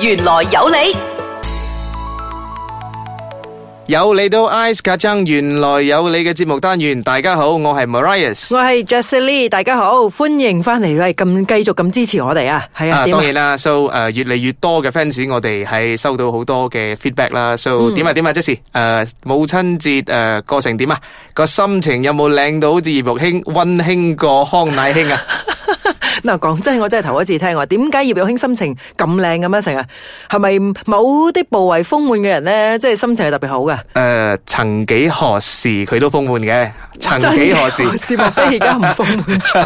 ，原來有你。有你到 Ice 卡張，原來有你嘅節目單元。大家好，我係 Mraz 我係 Jessie Lee 大家好，歡迎返嚟，係咁繼續咁支持我哋啊，係啊，當然啦。So 誒、uh,，越嚟越多嘅 fans，我哋係收到好多嘅嗱，講真，我真係頭一次聽話，點解葉玉卿心情咁靚咁啊？成日係咪某啲部位豐滿嘅人咧，即係心情係特別好嘅？誒、呃，曾幾何時佢都豐滿嘅，曾幾何時？施柏而家唔豐滿咗。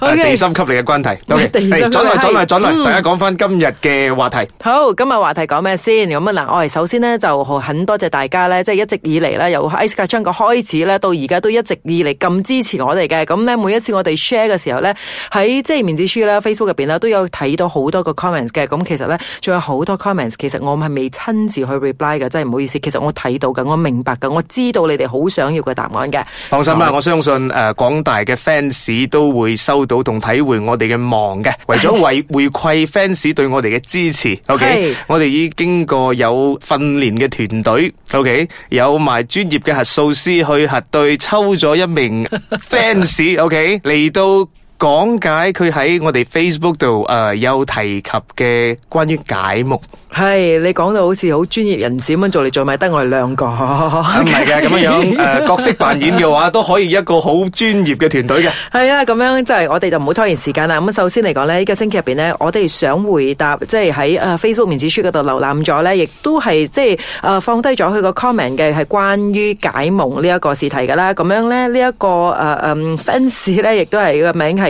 好、 okay, 地心吸力嘅關係嚟嚟，轉嚟轉嚟轉嚟，大家講翻今日嘅話題。好，今日話題講咩先？咁啊嗱，我哋首先咧就很多謝大家咧，即、就、係、是、一直以嚟咧，由《Ice a 窗》個開始咧，到而家都一直以嚟咁支持我哋嘅。咁咧，每一次我哋 share 嘅時候咧，喺即係面子書啦、Facebook 入邊都有睇到好多個 comments 嘅。咁其實咧，仲有好多 comments。其實，comments，其實我係未親自去 reply 嘅，真係唔好意思。其實我睇到嘅，我明白嘅，我知道你哋好想要嘅答案嘅。放心啦、啊，我相信誒，廣大嘅 fans 都會收到同體會我哋嘅忙嘅。為咗為 回饋 fans 對我哋嘅支持，OK， 我哋已經過有訓練嘅團隊，OK，有埋專業嘅核數師去核對，抽咗一名 fans，OK、okay? 嚟到。講解佢喺我哋 Facebook 度誒，有提及嘅關於解夢。係你講到好似好專業人士咁樣，做嚟，做咪得我哋兩個？唔係嘅咁樣樣，誒，角色扮演嘅話都可以一個好專業嘅團隊嘅。係啊，咁樣即係我哋就唔好拖延時間啦。咁首先嚟講咧，呢個星期入邊咧，我哋想回答，即係喺誒 Facebook 面子書嗰度瀏覽咗咧，亦都係即係誒放低咗佢個 comment 嘅，係關於解夢呢一個試題噶啦。咁樣咧，呢一個誒誒 fans 咧，亦都係個名係。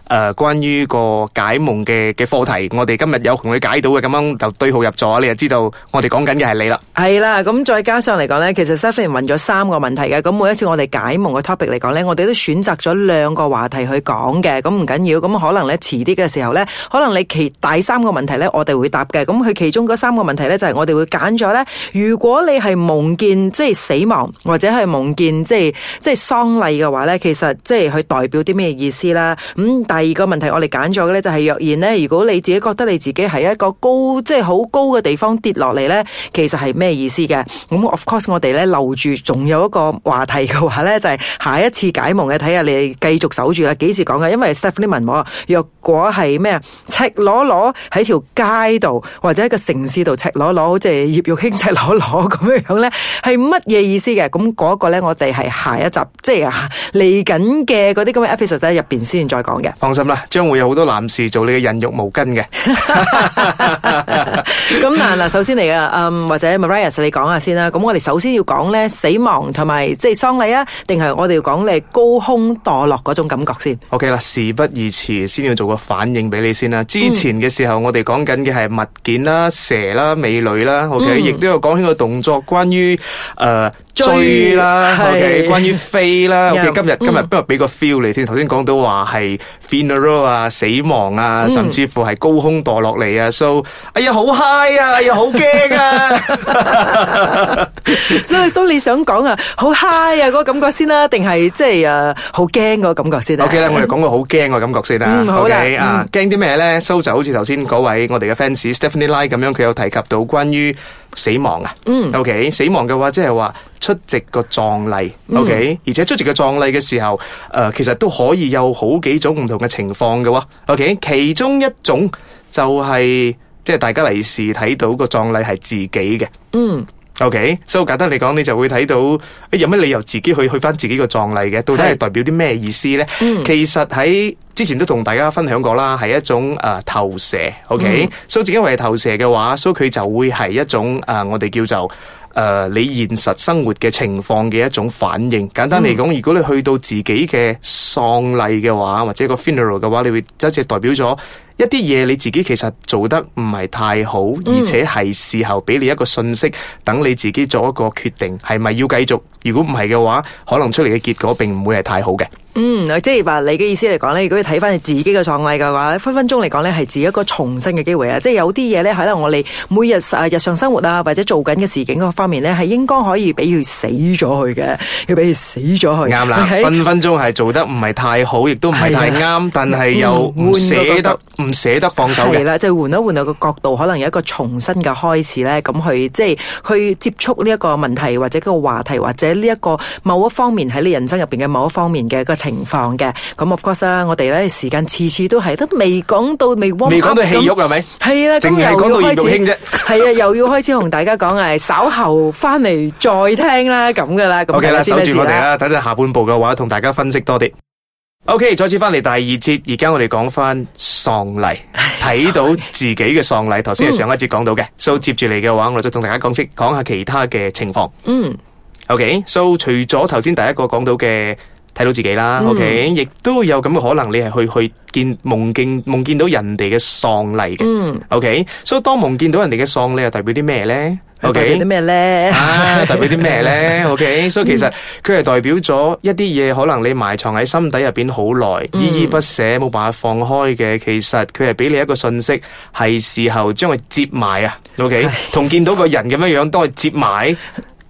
誒，關於個解夢嘅嘅課題，我哋今日有同佢解到嘅，咁樣就對號入座，你就知道我哋講緊嘅係你啦。係啦，咁再加上嚟講咧，其實 Stefan 問咗三個問題嘅，咁每一次我哋解夢嘅 topic 嚟講咧，我哋都選擇咗兩個話題去講嘅。咁唔緊要，咁可能咧，遲啲嘅時候咧，可能你其第三個問題咧，我哋會答嘅。咁佢其中嗰三個問題咧，就係我哋會揀咗咧，如果你係夢見即係死亡或者係夢見即係即係喪禮嘅話咧，其實即係佢代表啲咩意思啦？咁但第二個問題我哋揀咗嘅咧就係若然咧，如果你自己覺得你自己係一個高即係好高嘅地方跌落嚟咧，其實係咩意思嘅？咁 Of course 我哋咧留住，仲有一個話題嘅話咧，就係下一次解夢嘅睇下你哋繼續守住啦。幾時講嘅？因為 Stephen 呢問我，若果係咩赤裸裸喺條街度或者喺個城市度赤裸裸，即係葉玉卿赤裸裸咁樣樣咧，係乜嘢意思嘅？咁嗰個咧，我哋係下一集即係嚟緊嘅嗰啲咁嘅 episode 入邊先再講嘅。放心啦，將會有好多男士做你嘅人肉毛巾嘅。咁嗱嗱，首先嚟啊，嗯，或者 Mraz，你講下先啦。咁我哋首先要講咧，死亡同埋即係喪禮啊，定係我哋要講你高空墮落嗰種感覺先。OK 啦，事不宜遲，先要做個反應俾你先啦。之前嘅時候，我哋講緊嘅係物件啦、蛇啦、美女啦，OK，亦都有講起個動作，關於誒。追啦，OK，關於飛啦，OK，今日今日不如俾個 feel 你先。頭先講到話係 funeral 啊，死亡啊，甚至乎係高空墮落嚟啊，so 哎呀好 high 啊，哎呀好驚啊，所以所以你想講啊，好 high 啊嗰個感覺先啦，定係即係誒好驚個感覺先得。OK 啦，我哋講個好驚個感覺先啦。好啦，啊驚啲咩咧 so 就好似頭先嗰位我哋嘅 fans Stephanie Lie 咁樣，佢有提及到關於死亡啊、mm.，OK，死亡嘅話即係話出席個葬禮，OK，、mm. 而且出席個葬禮嘅時候，誒、呃，其實都可以有好幾種唔同嘅情況嘅喎，OK，其中一種就係即係大家嚟時睇到個葬禮係自己嘅，嗯、mm.。O K，所以簡單嚟講，你就會睇到，誒、哎、有乜理由自己去去翻自己個葬禮嘅？到底係代表啲咩意思咧、嗯？其實喺之前都同大家分享過啦，係一種誒、呃、投射。O K，所以自己為係投射嘅話，所以佢就會係一種誒、呃、我哋叫做誒、呃、你現實生活嘅情況嘅一種反應。簡單嚟講、嗯，如果你去到自己嘅喪禮嘅話，或者個 funeral 嘅話，你會即係代表咗。一啲嘢你自己其實做得唔係太好，而且係事後俾你一個信息，等、嗯、你自己做一個決定，係咪要繼續？如果唔係嘅話，可能出嚟嘅結果並唔會係太好嘅。嗯，即係話你嘅意思嚟講咧，如果睇翻你自己嘅作為嘅話，分分鐘嚟講咧係自己一個重生嘅機會啊！即係有啲嘢咧，可能我哋每日日常生活啊，或者做緊嘅事情嗰方面咧，係應該可以俾佢死咗去嘅，要俾佢死咗去。啱啦，分分鐘係做得唔係太好，亦都唔係太啱，但係又唔捨得。捨得放手係啦，就換一換個角度，可能有一個重新嘅開始咧。咁去即係去接觸呢一個問題，或者呢個話題，或者呢一個某一方面喺你人生入邊嘅某一方面嘅個情況嘅。咁 of course 啊，我哋咧時間次次都係都未講到未，未講到戲玉係咪？係啦，咁又講到戲玉興啫。係啊，又要開始同大家講，係稍後翻嚟再聽啦，咁噶啦。咁 OK 啦，守住我哋啦。等陣下半部嘅話，同大家分析多啲。O、okay, K，再次返嚟第二節，而家我哋講翻喪禮，睇 到自己嘅喪禮。頭先係上一節講到嘅、嗯、，o、so, 接住嚟嘅話，我再同大家講識，講下其他嘅情況。嗯、okay?，O、so, K，o 除咗頭先第一個講到嘅，睇到自己啦。O K，亦都有咁嘅可能，你係去去見夢境，夢見，見到人哋嘅喪禮嘅。嗯，O K，所以當夢見到人哋嘅喪禮，又代表啲咩咧？Okay? 代表啲咩咧？啊，代表啲咩咧？OK，所以，so, 其實佢係代表咗一啲嘢，可能你埋藏喺心底入邊好耐，依依不捨，冇辦法放開嘅。其實佢係俾你一個信息，係時候將佢接埋啊。OK，同 見到個人咁樣樣都係接埋，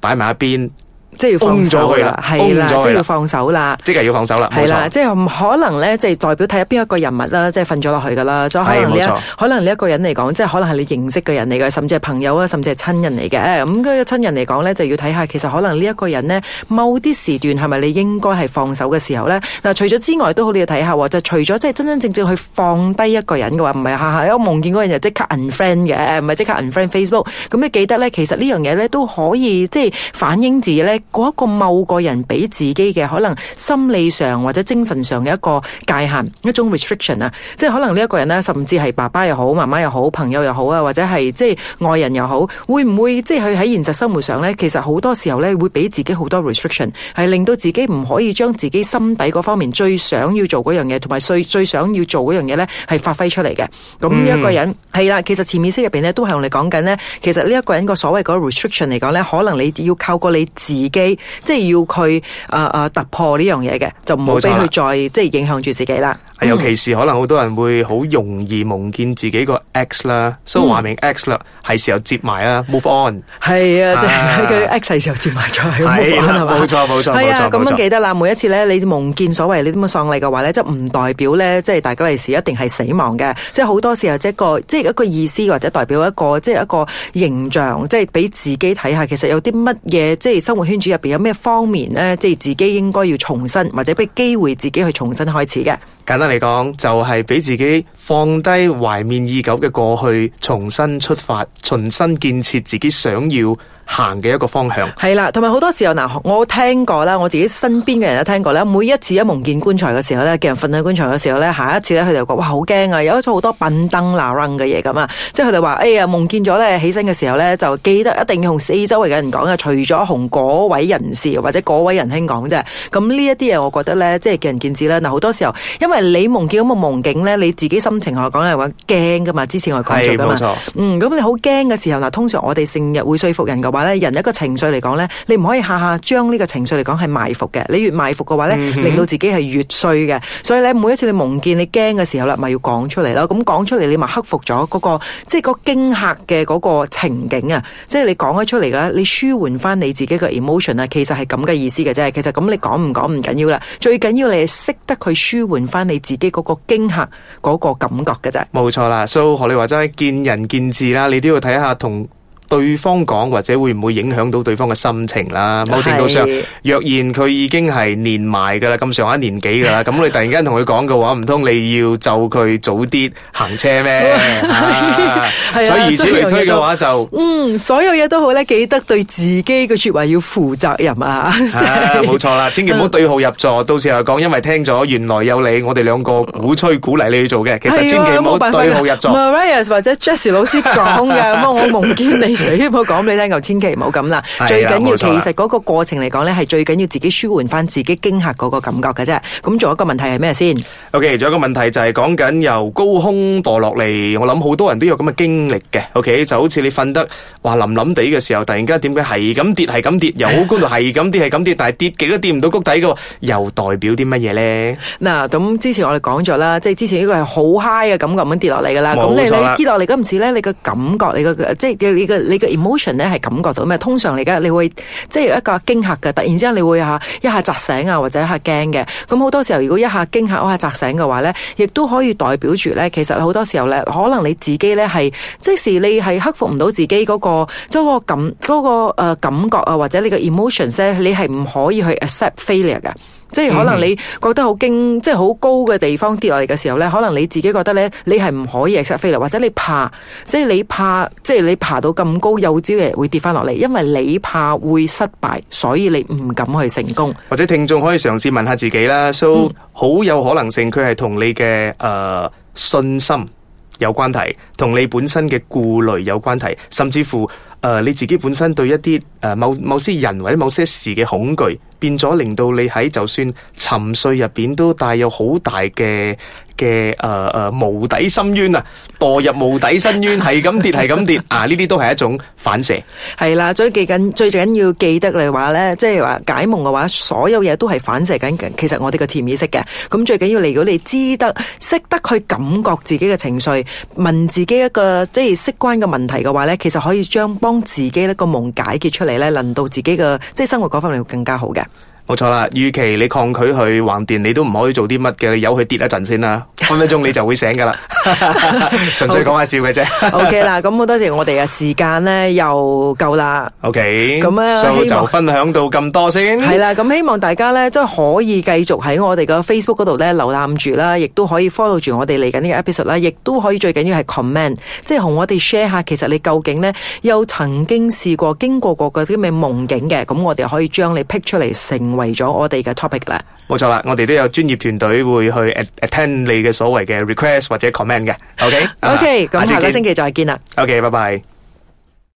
擺埋一邊。即係放咗佢啦，係啦，即係要放手啦，即係要放手啦，係啦，即係唔可能咧，即係代表睇下邊一個人物啦，即係瞓咗落去噶啦。咁可能你可能你一個人嚟講，即係可能係你認識嘅人嚟嘅，甚至係朋友啊，甚至係親人嚟嘅。咁嗰個親人嚟講咧，就要睇下，其實可能呢一個人咧，某啲時段係咪你應該係放手嘅時候咧？嗱，除咗之外都好你要睇下，就除咗即係真真正正去放低一個人嘅話，唔係下下有夢見嗰人就即刻 unfriend 嘅，唔係即刻 unfriend Facebook。咁你記得咧，其實呢樣嘢咧都可以即係反映自己咧。嗰、那、一個某個人俾自己嘅可能心理上或者精神上嘅一個界限，一種 restriction 啊，即係可能呢一個人呢甚至係爸爸又好，媽媽又好，朋友又好啊，或者係即係愛人又好，會唔會即係佢喺現實生活上呢？其實好多時候呢，會俾自己好多 restriction，係令到自己唔可以將自己心底嗰方面最想要做嗰樣嘢，同埋最最想要做嗰樣嘢呢，係發揮出嚟嘅。咁一個人係啦、嗯，其實潛意識入邊呢都係用嚟講緊呢。其實呢一個人個所謂嗰個 restriction 嚟講呢，可能你要靠過你自己。即係要佢誒誒突破呢樣嘢，嘅，就唔好俾佢再即係影響住自己啦。尤其是可能好多人會好容易夢見自己個 X 啦，So 話明 X 啦，係、嗯、時候接埋啦，move on。係啊，即係佢 X 係時候接埋咗 move on 係嘛？冇錯冇錯係啊，咁都記得啦。每一次咧，你夢見所謂你咁嘅喪禮嘅話咧，即係唔代表咧，即係大家嚟，時一定係死亡嘅。即係好多時候一個，即係一個意思或者代表一個，即係一個形象，即係俾自己睇下，其實有啲乜嘢，即係生活圈子入邊有咩方面咧，即係自己應該要重新或者俾機會自己去重新開始嘅。簡單。嚟講就係、是、俾、就是、自己放低懷念已久嘅過去，重新出發，重新建設自己想要，行嘅一個方向係啦，同埋好多時候嗱，我聽過啦，我自己身邊嘅人都聽過啦。每一次一夢見棺材嘅時候咧，叫人瞓喺棺材嘅時候咧，下一次咧佢哋話哇好驚啊，有咗好多燐燈喇楞嘅嘢咁啊，即係佢哋話哎呀夢見咗咧，起身嘅時候咧就記得一定要同四周圍嘅人講啊，除咗同嗰位人士或者嗰位仁兄講啫。咁呢一啲嘢我覺得咧，即係見仁見智啦。嗱，好多時候，因為你夢見咁嘅夢境咧，你自己心情同我講係話驚噶嘛，之前我係講咗噶嘛。係冇錯。嗯，咁你好驚嘅時候嗱，通常我哋成日會説服人嘅話。咧人一個情緒嚟講咧，你唔可以下下將呢個情緒嚟講係埋伏嘅，你越埋伏嘅話咧，令到自己係越衰嘅。所以咧，每一次你夢見你驚嘅時候啦，咪要講出嚟咯。咁講出嚟，你咪克服咗嗰個即係個驚吓嘅嗰個情景啊！即係你講咗出嚟啦，你舒緩翻你自己個 emotion 啊，其實係咁嘅意思嘅啫。其實咁你講唔講唔緊要啦，最緊要你係識得去舒緩翻你自己嗰個驚吓嗰個感覺嘅啫。冇錯啦，蘇學你話真係見仁見智啦，你都要睇下同。對方講或者會唔會影響到對方嘅心情啦？某程度上，若然佢已經係年埋㗎啦，咁上一年紀㗎啦，咁你突然間同佢講嘅話，唔通你要就佢早啲行車咩？所以如此嚟推嘅話就嗯，所有嘢都好咧，記得對自己嘅説話要負責任啊！冇錯啦，千祈唔好對號入座，到時候講，因為聽咗原來有你，我哋兩個鼓吹鼓勵你去做嘅，其實千祈唔好對號入座。Mraz 或者 Jessie 老師講嘅，我夢見你，我講俾你聽，又千祈唔好咁啦。最緊要其實嗰個過程嚟講咧，係最緊要自己舒緩翻自己驚嚇嗰個感覺嘅啫。咁仲有一個問題係咩先？OK，仲有一個問題就係講緊由高空墮落嚟。我諗好多人都有咁嘅經歷嘅。OK，就好似你瞓得哇，腍腍地嘅時候，突然間點解係咁跌，係咁跌，又好高度係咁跌，係咁跌，但係跌幾都跌唔到谷底嘅，又代表啲乜嘢咧？嗱，咁之前我哋講咗啦，即係之前呢個係好 high 嘅感覺咁跌落嚟噶啦。咁你咧跌落嚟今次咧，你個感覺，你個即係你個。你嘅 emotion 咧係感覺到咩？通常嚟講，你會即係一個驚嚇嘅，突然之間你會嚇一下扎醒啊，或者一下驚嘅。咁好多時候，如果一下驚嚇、一下扎醒嘅話咧，亦都可以代表住咧，其實好多時候咧，可能你自己咧係即時你係克服唔到自己嗰、嗰個即係、嗰個感嗰、嗰個誒、呃、感覺啊，或者你嘅 emotions 咧，你係唔可以去 accept failure 嘅。即係可能你覺得好驚，mm-hmm. 即係好高嘅地方跌落嚟嘅時候呢可能你自己覺得呢你係唔可以失飛啦，或者你怕，即係你怕，即係你爬到咁高有朝日會跌翻落嚟，因為你怕會失敗，所以你唔敢去成功。或者聽眾可以嘗試問下自己啦，so 好有可能性佢係同你嘅誒、呃、信心有關題，同你本身嘅顧慮有關題，甚至乎。誒，你自己本身對一啲誒某某些人或者某些事嘅恐懼，變咗令到你喺就算沉睡入邊都帶有好大嘅嘅誒誒無底深淵啊，墮入無底深淵，係咁跌係咁跌啊！呢啲都係一種反射。係啦，最記緊最緊要記得嚟話咧，即係話解夢嘅話，所有嘢都係反射緊，其實我哋嘅潛意識嘅。咁最緊要嚟到你知得識得去感覺自己嘅情緒，問自己一個即係相關嘅問題嘅話咧，其實可以將幫。幫自己一個夢解決出嚟咧，令到自己嘅即係生活嗰方面會更加好嘅。冇錯啦，預期你抗拒去橫掂，你都唔可以做啲乜嘅，你由佢跌一陣先啦，分分鐘你就會醒㗎啦，純粹講下笑嘅啫。OK 啦，咁好多謝我哋嘅時間呢，又夠啦。OK，咁啊，就，就分享到咁多先。係啦，咁希望大家呢，即係可以繼續喺我哋個 Facebook 嗰度呢，瀏覽住啦，亦都可以 follow 住我哋嚟緊呢個 episode 啦，亦都可以最緊要係 comment，即係同我哋 share 下，其實你究竟呢，又曾經試過經過過啲咩夢境嘅，咁我哋可以將你 pick 出嚟成為。為咗我哋嘅 topic 啦，冇錯啦，我哋都有專業團隊會去 attend 你嘅所謂嘅 request 或者 comment 嘅。OK，OK，咁下個星期再見啦。OK，拜拜。